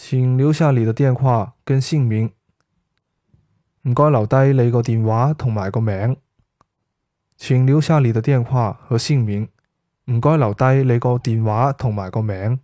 請留下你的電話跟姓名，唔該留低你個電話同埋個名。請留下你的電話和姓名，唔該留低你個電話同埋個名。